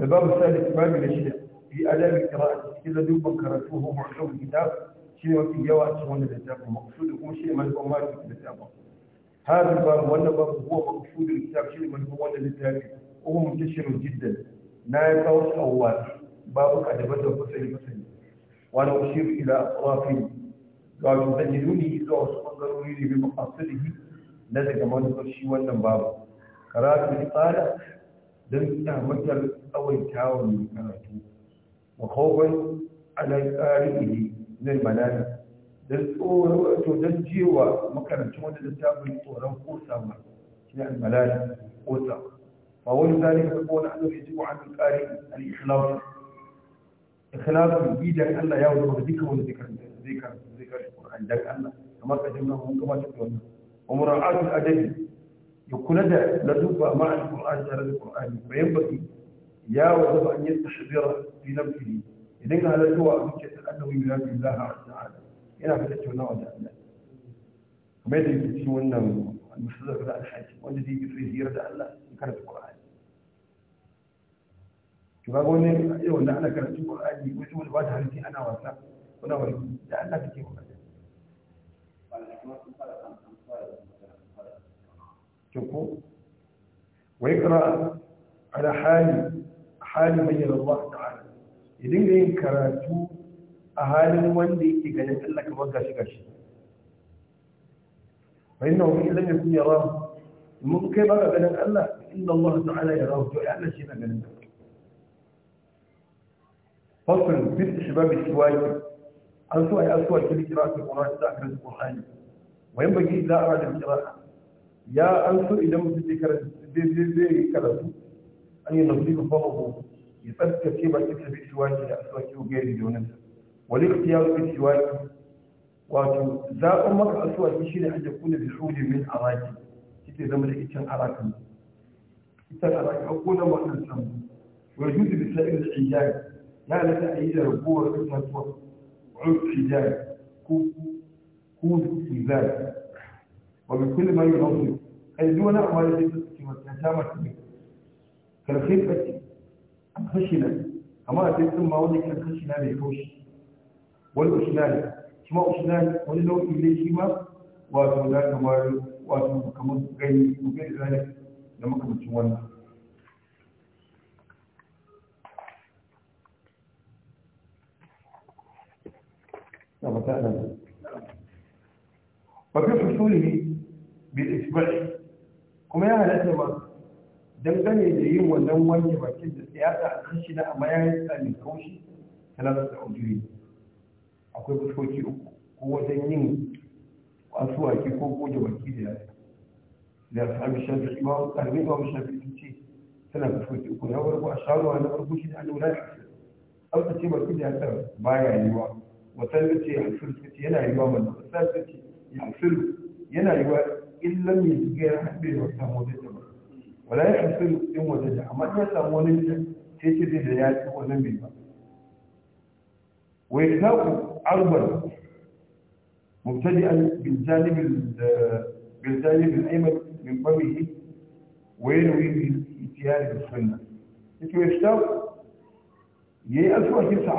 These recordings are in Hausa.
الباب الثالث باب الشيء في آداب القراءة إذا دوبا كرتوه معلوم الكتاب شيء وفي جواء من الكتاب مقصود هو شيء من هو مالك الكتاب هذا الباب ولا باب هو مقصود الكتاب شيء من هو الكتاب وهو منتشر جدا لا يتوسع واسع باب أدبته فسيل فسيل وأنا أشير إلى أطرافه قالوا تجدوني إذا أصدروني بمقاصده نزل ما نقول شيء ولا باب قراءة القارئ don kyamatar tsawaitawan mai karatu makofan ala ƙari'ihi na manana don tsoron don jewa makarantun wanda littafin tsoron kosa ma shi al-malala kosa fa wani zalika ko wani annabi yajibu an al-qari al-ikhlas ikhlasin bidan Allah ya wuce duka wani zikar zikar zikar Qur'an dan Allah kamar kadin nan mun kuma ta wannan umra'atul adabi يقول هذا لدب مع القرآن جار القرآن فينبغي يا وجب أن يستحضر في نفسه إذن هذا هو أمكة أنه ينادي الله عز وجل إلى فتاة ونعود في ماذا يكون المستدرك على الحاجة في يفيه يرد على الله كان في القرآن كما قلنا أيوة أن أنا كانت في القرآن وجود بعدها التي أنا وفاق ونوري لأن لا في هذا قال الحكمة قال قال سكون ويقرأ على حال حال من الله تعالى إذن غير كراتو أهال الوندي إذن يتلك الرجاء شكاش فإنه في لن يكون يراه كيف أرى بلد الله إن الله تعالى يراه جوء أعلى شيء ما بلد فصل بيت شباب السوائي أسوأ أسوأ كل إجراء في القرآن ذاكرة القرآن وينبغي إذا أراد القرآن ya an so idan mutum zai karatu zai karatu an yi nafi ba ko ya tsarkake ba kisa bi shiwaki da aswaki ko gairi da wani wani ikhtiyar bi shiwaki wato zaɓen maka aswaki shi ne hajjar kuna bi huli min araki kike zama da iccen arakan iccen araki a kuna wannan samu wa yuzu bi sa'ir al-ijari ya lata ayi da rabuwar kasuwa wa urfi jari ko ko izari wa bi kulli ma yunawwir kai duk wani abu da zai tsaki wata ta mata ne karfin kace an kashi nan amma a sun ma wani kan kashi na mai kaushi wani ushinani shi ma ushinani wani nau'i ne shi ma wato da kamar wato kamar gani ko gani da da makamancin wannan وفي حصوله bil kuma ya halatta ma dangane da yin wannan wanke bakin da siyasa a kan shi na amma ya yi tsami kaushi talatar da ujiri akwai fuskoki uku ko wajen yin asuwaki ko goge baki da yasa da sami shafi imam karbi imam shafi sun ce tana fuskoki uku na farko a shawarwa na farko shi da alwala da ce baki da yasa yi wa wata ce ya hafir ce yana yi wa mana wata ce ya hafir yana wa. in lam yajid hadin wa مبتدئا بالجانب بالجانب الأيمن من فمه وينوي بالاتيان بالسنة إنتوا يحتاج يأسوا كيسا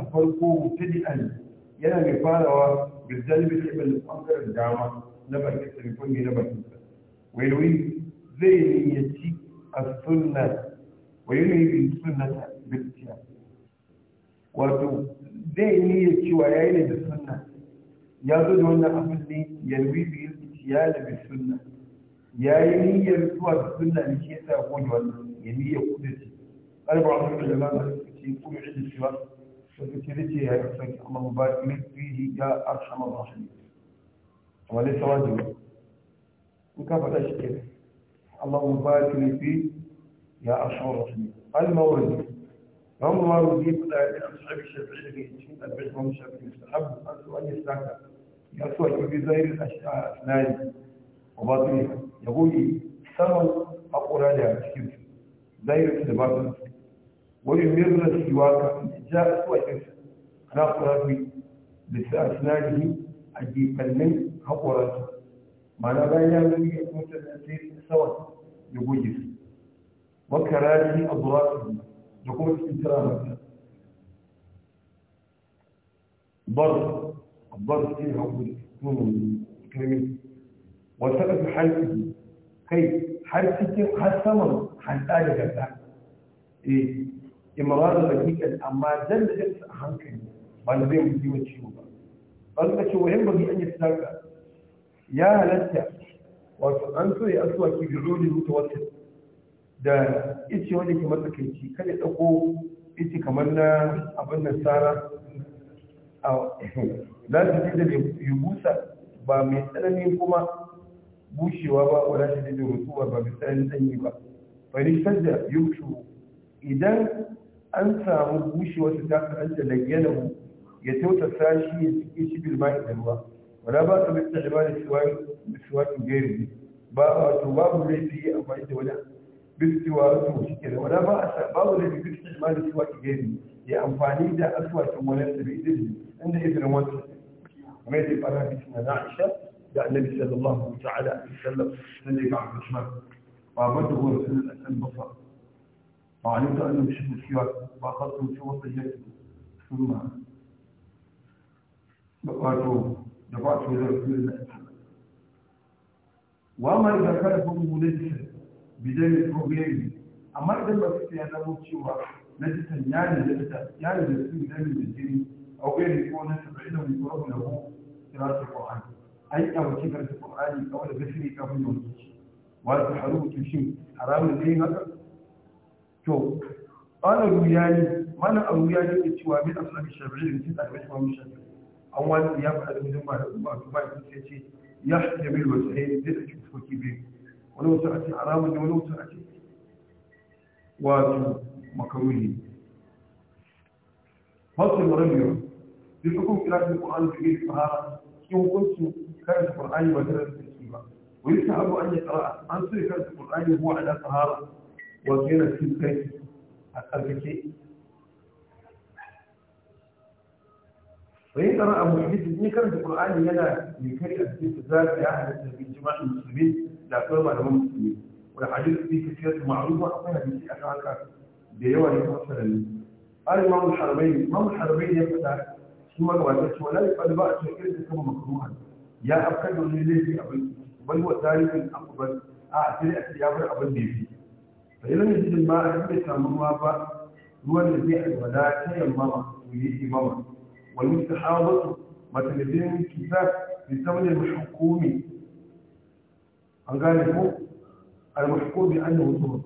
أفرقوا مبتدئا ينا مفاروا بالجانب الأيمن من أنكر نبر كتلفون دي نبر كتلفون ويلوين زين يتي السنة ويلوين بالسنة بالتياب واتو زين يتي ويأين بالسنة يأدود وانا أفضلين يلوين بالتياب بالسنة يأين يرسوى بالسنة لكي يتأخوج وانا يمي يقودتي أربع عمر الجمال بسكتين كل عدد الشباب فكتلتي هاي أفضل الله مبارك فيه يا أرحم الراحمين wale sawaji in ka faɗa shi ke Allah mu ba ki fi ya ashar rasmi al mawridi ba mu waru da ya sabi shi da shi ne da albi ko mu shafi shi an zo ne saka ya so ki bi zairi a nayi ko ba ya goyi sanan a kura da cikin zairi da wani mirrasi waka ja so ki na kura bi bi a jifannin haƙoransu mana bayan ya wuri ya kuma sai sawan ya goge su wakarari a zurafi da kuma cikin tira mata bar bar shi ne haƙuri nuna kirmi wata ɗafi harfi kai har cikin har saman hanta da gasa eh imara da hakikan amma jan da a hankali ba na zai mutu ciwo ba ba ce wayan bagi an yi sadaka ya halatta wato an so ya asuwa ki bi rudin mutawassit da ice wani ke matsakaici kada dako ice kamar na abin nan sara la su da yi busa ba mai tsanani kuma bushewa ba wala shi da rutuwa ba mai tsananin sanyi ba bari sadda yushu idan an samu bushewar ta ta an da layyana يتوت الثاني يشي بالماء دلوا ولا بأس باستعمال السواك السواك الجيري بأس باب الذي أما أنت ولا بالسواء مشكلة ولا بأس باب الذي باستعمال السواك الجيري يا أم ده أسوأ تمولة بإذن عند إذن وانت ماذا بأنا بسم الله النبي صلى الله عليه وسلم سلم سندي مع الرسمات وعبده هو رسل الأسل بصر وعلمت أنه مشكل السواك وأخذته في وسط جسمه ثم wato da ba su zai su da wa ma da kada ko mulki bidan problemi amma idan ba su ya zama cewa na jitan ya ne da ya ne da su da ne a wani ko na sabai da mu rabu na mu kira su Qur'an ai ka wuce kan Qur'ani kawai da gashi ka mun yi wa ta haru to shin haramun yi haka to ana ruyani mana a ruyani ke cewa min asali shafi'i ne ta da shi mu shafi'i an wani ya faɗa da wajen ba da kuma to ya ce ya jamil wasu ne zai ɗauki fuskoki bai, wani wasu a ce haramun ne wani wasu a ce wato makaruni fasul marabiyo duk hukun kira da ƙwa'an da ke fara cikin hukunci karanta ƙwa'ani ba tare da tsarki ba wani ta abu an yi tsara an so ya karanta ƙwa'ani ko a da sahara wato yana cikin kai a ƙarƙashe bayan tsara abu hadisi kan karanta qur'ani yana mai kai a cikin su za ya halatta bin jima'in musulmi da akwai malaman musulmi wal hadisi fi kasiyatu ma'rufa akwai hadisi akan haka da yawa ne kuma sanannu al imam al-haramain imam ya fada shi ma gaba ce wala yaqad ba'a ta irin kama makruhan ya laifi a abin bal wa tarikin akbar a sai a ya bar abin da yafi fa yana yin ma a cikin samu ruwa ba ruwan da zai alwala ta yamma ba yi imama والاستحاضة مثل الكتاب للزمن المحكوم أنقاله المحكوم بأنه ظهر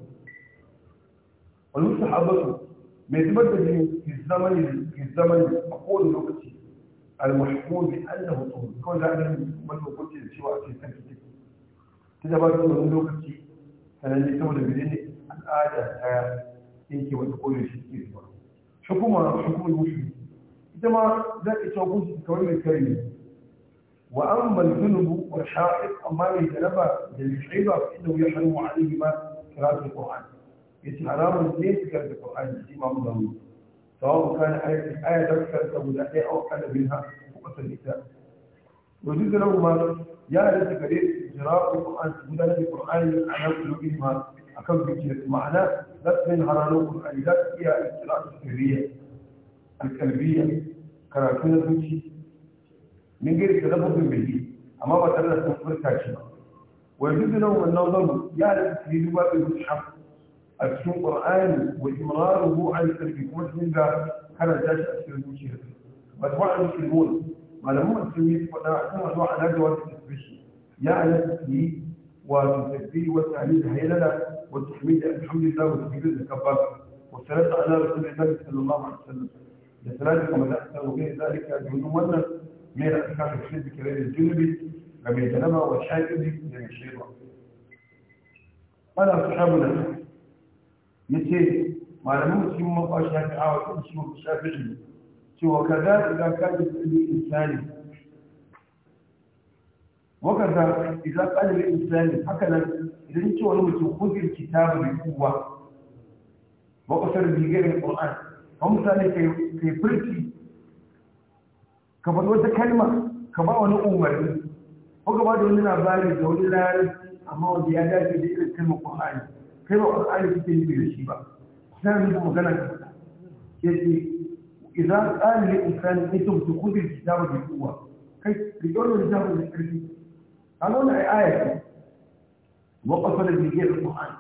والمستحاضة ما يتمدد في الزمن في الزمن أقول الوقتي المحكوم بأنه ظهر كون ذا أنا من وقتي سواء في سنتك بعد ما نقول الوقتي أنا اللي تولى بدين الآية يمكن أن تقول شيء كثير حكومة حكومة المشرك كما ذلك يقول كوين الكريم وأما الجنب والحائط أما الجنبة للشعيبة فإنه يحرم عليهما قراءة القرآن يتم حرام الاثنين في قراءة القرآن الإمام داوود سواء كان آية آية ذكر أو الأحياء أو كان منها فقط النساء وجد له ما يا ليت كريم قراءة القرآن مدلل القرآن على ما أكم بكير معنى لا تنهر القرآن لا هي القراءة السرية الكلبية karatu na zuci min gari da lafafin bilgi amma ba tare da sun furta shi ba wai duk nan wannan zan ya halitta su yi duba da zuci hafi a cikin ƙwar'ani wa imrarin ruwa a cikin kuma sun ga karanta shi a cikin zuciya ba ta wa'an cikin ruwa malamin mutum yi faɗa a kan zuwa a najewa da tasbishi ya halitta su yi wato tasbihi wata halitta hailala والتحميد الحمد لله والتكبير والتكبر والصلاة على رسول الله صلى الله عليه وسلم لذلك ما تحصل به ذلك جنوبا من الأسكار الشد كلام الجنبي ومن جنبه والحاكم من الشيطان قال أصحابنا مثل ما لم يكن مقاش شافعي وتمشي الشافعي كذا إذا كان الإنسان وكذا إذا قال الإنسان هكذا إذا أنت ولو تخذ الكتاب بقوة وقصر بغير القرآن ba misali ke furki ka faɗi wata kalma ka ba wani umarni ko ka ba da wani labari da wani larabci amma wanda ya dace da irin kalmar ƙwa'ani kai ba ƙwa'ani kake yi da shi ba sai yi magana ka ke ce idan ne lil insani kuntum tukhudhu al-kitaba bi kuwa kai rijono al-kitaba bi kirki kanon ai aya wa qasala bi ghayr al-qur'an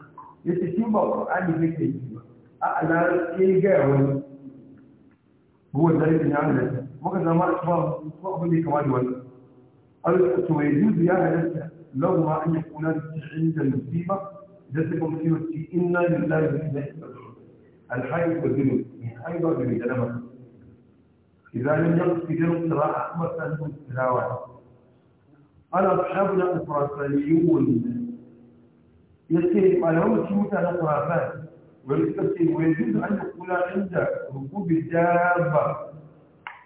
yace shi ba qur'ani kake yi ba a alara ke ga wani هو الدليل اللي عندك ممكن لما اصبر اصبر لي كمان ولا قال ويجوز يا هلسة لولا ان يكون عند المصيبه جاتكم مصيبه ان لله وانا الحي والذنوب من حيض ومن جنبك اذا لم يقصد القراءه احمد فانتم التلاوه قال اصحابنا الفرنسيون يقول ما لهم شيء مثل الخرافات ويستسلم ويجوز أن يقول عند ركوب الدابة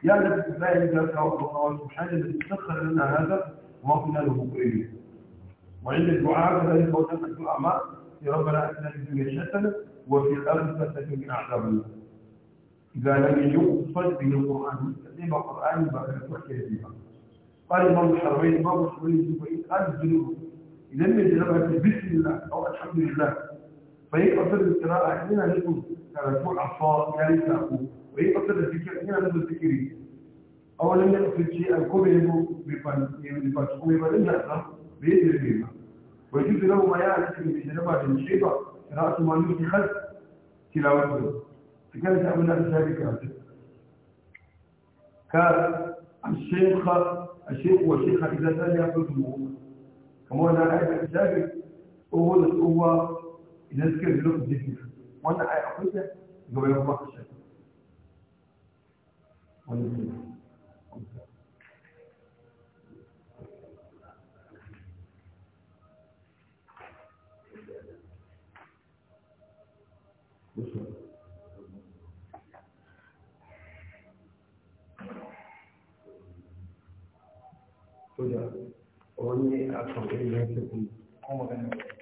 يا نبي لا يجوز الله سبحانه الذي سخر لنا هذا وما كنا له مقربين وعند الدعاء كذلك وجدت الدعاء ما يا ربنا أتنا في الدنيا حسنة وفي الأرض حسنة من أعذاب الله إذا لم يقصد به القرآن مستقيم القرآن بعد تحكي بها قال إمام الحرمين إمام الحرمين الزبعين قال الذنوب إذا لم يجلبها بسم الله أو الحمد لله فيبقى سر القراءة هنا لازم تكون أحصاء يعني تأخوه ويبقى سر الذكر هنا لازم تذكري أولا يقصد شيء الكبير بفاتحه يبقى لنا بيدر بيما ويجوز له ما يعرف من تجربة الشيبة قراءة ما يوتي خلف تلاوته فكانت أمنا بذلك كاتب كالشيخ الشيخ والشيخ إذا كان يأخذ المهم كما أنا أعرف الكتاب وهو هو لك دي الدين وانا اخوته يبقى يوضح الشكل Oye, a su vez, no se cómo ganar.